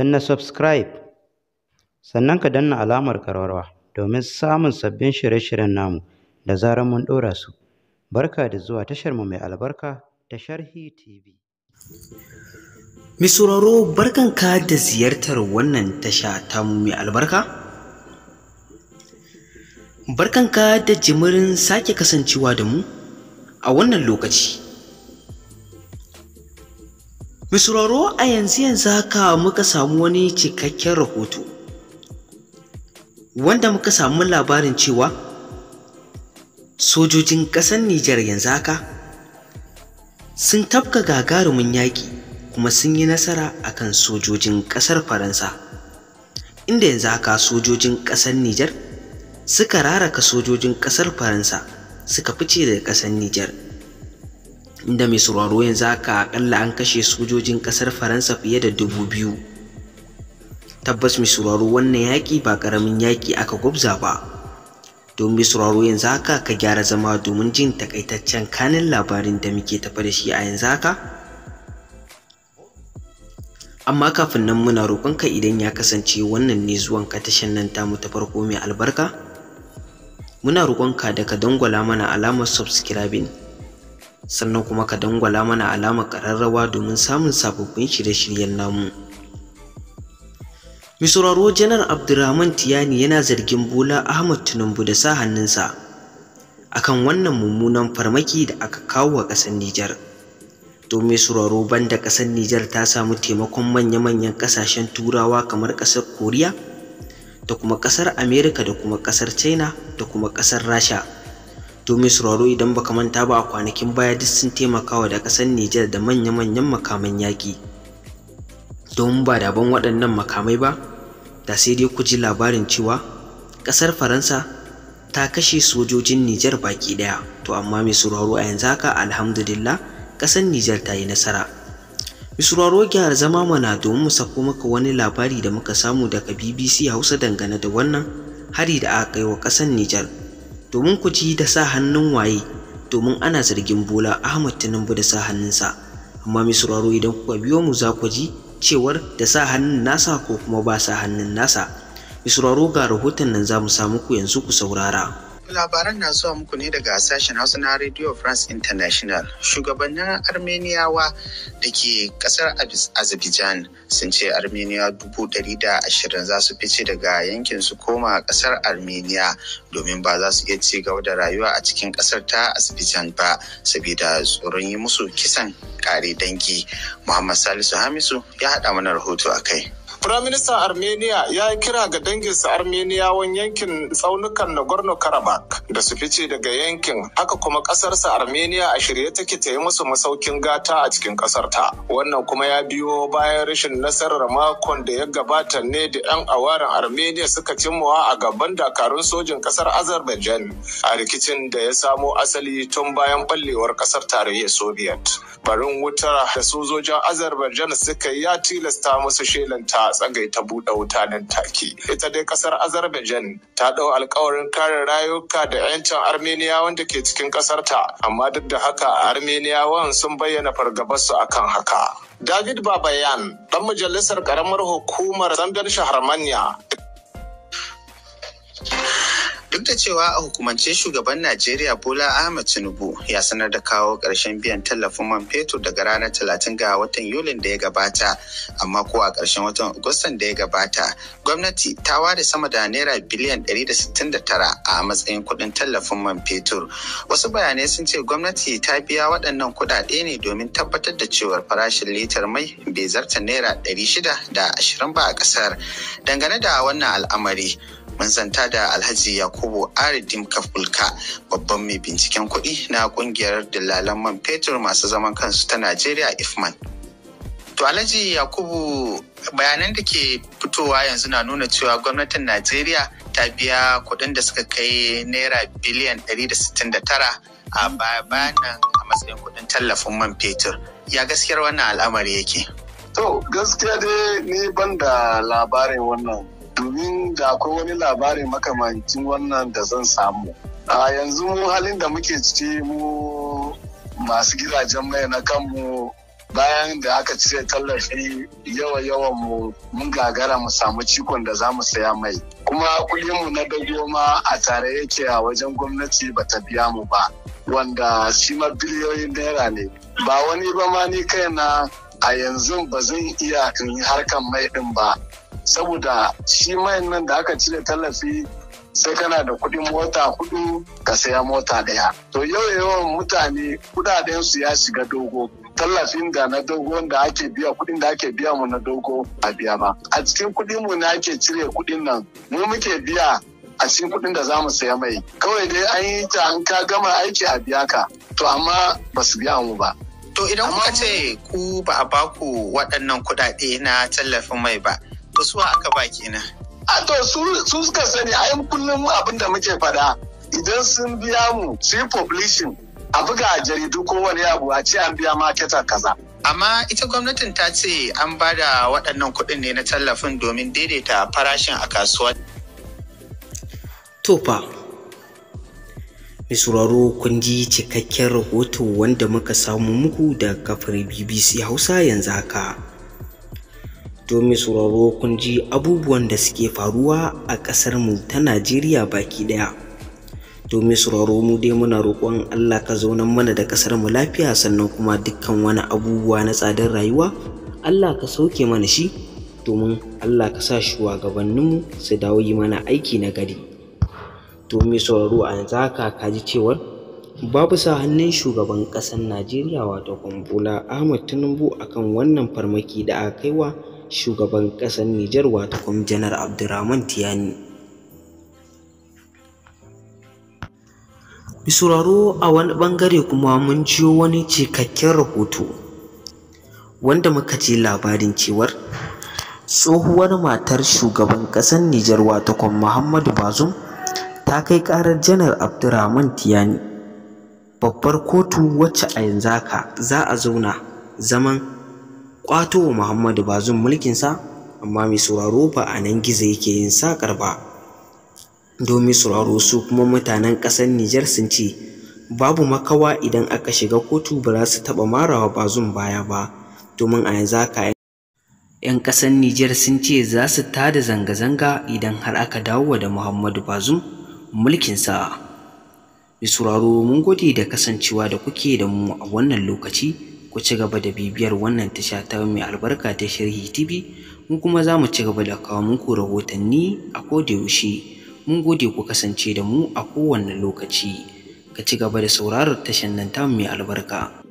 na subscribe sannan ka danna alamar karwarwa domin samun sabbin shirye-shiryen namu da zarar mun ɗora su barka da zuwa tashar mu mai albarka ta sharhi tv mai barkan ka da ziyartar wannan tasha ta mu mai albarka barkan ka da jimirin sake kasancewa da mu a wannan lokaci misraro a yanzu yanzu haka muka samu wani cikakken rahoto wanda muka samu labarin cewa sojojin ƙasar Nijar yanzu haka sun tafka gagarumin yaƙi kuma sun yi nasara akan sojojin ƙasar Faransa inda yanzu haka sojojin ƙasar Nijar suka raraka sojojin ƙasar Faransa suka fice daga ƙasar Nijar inda mai sauraro yanzu haka akalla an kashe sojojin kasar faransa fiye da dubu biyu tabbas mai sauraro wannan yaƙi ba ƙaramin yaƙi aka gwabza ba don mai sauraro yanzu haka ka gyara zama domin jin takaitaccen kanin labarin da muke tafa da shi a yanzu haka amma kafin nan muna roƙonka idan ya kasance wannan ne zuwan ka tashan nan mu ta farko mai albarka muna roƙonka da ka dangwala mana alamar subscribing sannan kuma ka dangwala mana alamar ƙararrawa domin samun sababbin shirye-shiryen namu Misuraro janar abdurrahman tiyani yana zargin bola ahmad tinubu da sa hannunsa a kan wannan mummunan farmaki da aka kawo wa ƙasar nijar domin sauraro banda ƙasar Nijar ta samu taimakon manya-manyan ƙasashen turawa kamar ƙasar Koriya da kuma ƙasar Amerika da kuma ƙasar China da kuma ƙasar Rasha Domin mai sauraro idan baka manta ba a kwanakin baya duk sun taimakawa da ƙasan Nijar da manya-manyan makaman yaƙi domin ba da ban waɗannan makamai ba da sai dai ku ji labarin cewa ƙasar Faransa ta kashe sojojin Nijar baki ɗaya to amma mai sauraro a yanzu haka alhamdulillah ƙasar Nijar ta yi nasara mai gyara zama mana domin mu sako maka wani labari da muka samu daga BBC Hausa dangane da wannan hari da aka kai wa ƙasar Nijar domin ku ji da sa hannun waye domin ana zargin Bola Ahmad Tinubu da sa hannunsa amma mai sauraro idan kuka biyo mu za ku ji cewar da sa hannun nasa ko kuma ba sa hannun nasa mai sauraro ga rahoton nan za mu samu ku yanzu ku saurara Labaran na zuwa muku ne daga sashen Hausa na Radio France International. Shugabannin Armeniyawa da ke kasar Azerbaijan sun ce Armeniya dubu ɗari da ashirin za su fice daga yankin su koma kasar Armeniya domin ba za su iya ci gaba da rayuwa a cikin kasar ta Azerbaijan ba saboda tsoron yi musu kisan kare dangi. Muhammad Salisu Hamisu ya haɗa mana rahoto a kai. Firaministan Armenia ya yi kira ga danginsa Armeniyawan yankin tsaunukan Nagorno-Karabakh da su fice daga yankin, haka kuma ƙasarsa Armenia a shirye take ta yi musu masaukin gata a cikin ƙasarta. Wannan kuma ya biyo bayan rashin nasarar makon da ya gabata ne da 'yan awarin Armenia suka cimmawa a gaban dakarun sojin ƙasar Azerbaijan a rikicin da ya samo asali tun bayan ɓallewar ƙasar tarayyar Soviet. Barin wutar da sojojin Azerbaijan suka yi ya tilasta musu shelanta a tsagaita buɗe wuta nan take. Ita dai ƙasar Azerbaijan ta ɗau alkawarin kare rayuka da 'yancin Armenia wanda ke cikin ƙasarta, amma duk da haka Armeniyawan sun bayyana fargabarsu akan haka. David Babayan, ɗan majalisar ƙaramar hukumar Zambian Shaharmanya, Duk da cewa a hukumance shugaban Najeriya Bola Ahmed Tinubu ya sanar da kawo ƙarshen biyan tallafin man fetur daga ranar talatin ga watan Yulin da ya gabata, amma ko a ƙarshen watan Agustan da ya gabata, gwamnati ta ware sama da naira biliyan 169 a matsayin kuɗin tallafin man fetur. Wasu bayanai sun ce gwamnati ta biya waɗannan kuɗaɗe ne domin tabbatar da cewar farashin litar mai bai zarta naira da 620 ba a ƙasar. Dangane da wannan al'amari, mun zanta da alhaji yakubu aridim kafulka babban mai binciken kuɗi na ƙungiyar dillalan man fetur masu zaman kansu ta najeriya ifman to alhaji yakubu bayanan da ke fitowa yanzu na nuna cewa gwamnatin najeriya ta biya kuɗin da suka kai naira biliyan 169 a baya a matsayin kuɗin tallafin man fetur ya gaskiyar wannan al'amari yake to gaskiya dai ni ban da labarin wannan domin da akwai wani labarin makamancin wannan da zan samu a yanzu mu halin da muke ciki mu masu gidajen mai na kanmu bayan da aka cire tallafi yawa-yawan mu mun gagara mu samu cikon da za mu saya mai kuma mu na dagoma a tare yake a wajen gwamnati ba ta biya mu ba wanda shi ma biliyoyin naira ne ba wani ba ma ni kaina a yanzu ba zan iya in yi harkan mai din ba saboda shi mayan nan da aka cire tallafi sai kana da kuɗin mota hudu ka saya mota daya to yau yawan mutane kudaden ya shiga dogo tallafin da na dogo da ake biya kudin da ake biya mu na dogo a biya ba a cikin kudin mu ne ake cire kudin nan mu muke biya a cikin kudin da za mu saya mai kawai dai an yi ta an ka gama aiki a biya ka to amma ba su biya mu ba to idan kuka ce ku ba a baku waɗannan kuɗaɗe na tallafin mai ba to suwa aka ba kenan a to su suka sani ayin kullum abin da muke fada idan sun biya mu su yi publishin a buga a jaridu ko wani abu a ce an biya maketa kaza amma ita gwamnatin ta ce an ba da waɗannan kuɗin ne na tallafin domin daidaita farashin a kasuwa tofa misuraro kun ji cikakken rahoto wanda muka samu muku da kafar bbc hausa yanzu haka To sauraro kun ji abubuwan da suke faruwa a ƙasar mu ta Najeriya baki ɗaya. To sauraro mu dai muna roƙon Allah ka zaunan mana da ƙasar mu lafiya sannan kuma dukkan wani abubuwa na tsadar rayuwa Allah ka sauke mana shi domin Allah ka sa shugabanninmu su dawo yi mana aiki na gari. To sauraro a yanzu haka ka ji cewar babu sa hannun shugaban ƙasar Najeriya wato Bola Ahmed Tinubu akan wannan farmaki da aka kaiwa shugaban ƙasar Nijar wato Janar Abdurrahman Tiyani. Bisuraro a wani bangare kuma mun jiyo wani cikakken rahoto wanda muka ji labarin cewar tsohuwar matar shugaban ƙasar Nijar wato Muhammadu Bazum ta kai ƙarar Janar Abdurrahman Tiyani babbar kotu wacce a yanzu haka za a zauna zaman ƙwato wa Muhammadu Bazum mulkinsa amma mai sauraro ba a nan gizo yake yin saƙar ba domin sauraro su kuma mutanen ƙasar Nijar sun ce babu makawa idan aka shiga kotu ba za su taɓa marawa Bazum baya ba domin a yanzu haka 'yan ƙasar Nijar sun ce za su tada zanga-zanga idan har aka dawo da Muhammadu Bazum mulkinsa. Mai sauraro mun gode da kasancewa da kuke da mu a wannan lokaci. ku ci gaba da bibiyar wannan tasha ta mai albarka ta sharhi tv mu kuma za mu ci gaba da kawo muku rahotanni a kodayaushe mun gode ku kasance da mu a kowane lokaci ka ci gaba da sauraron tashan nan ta mai albarka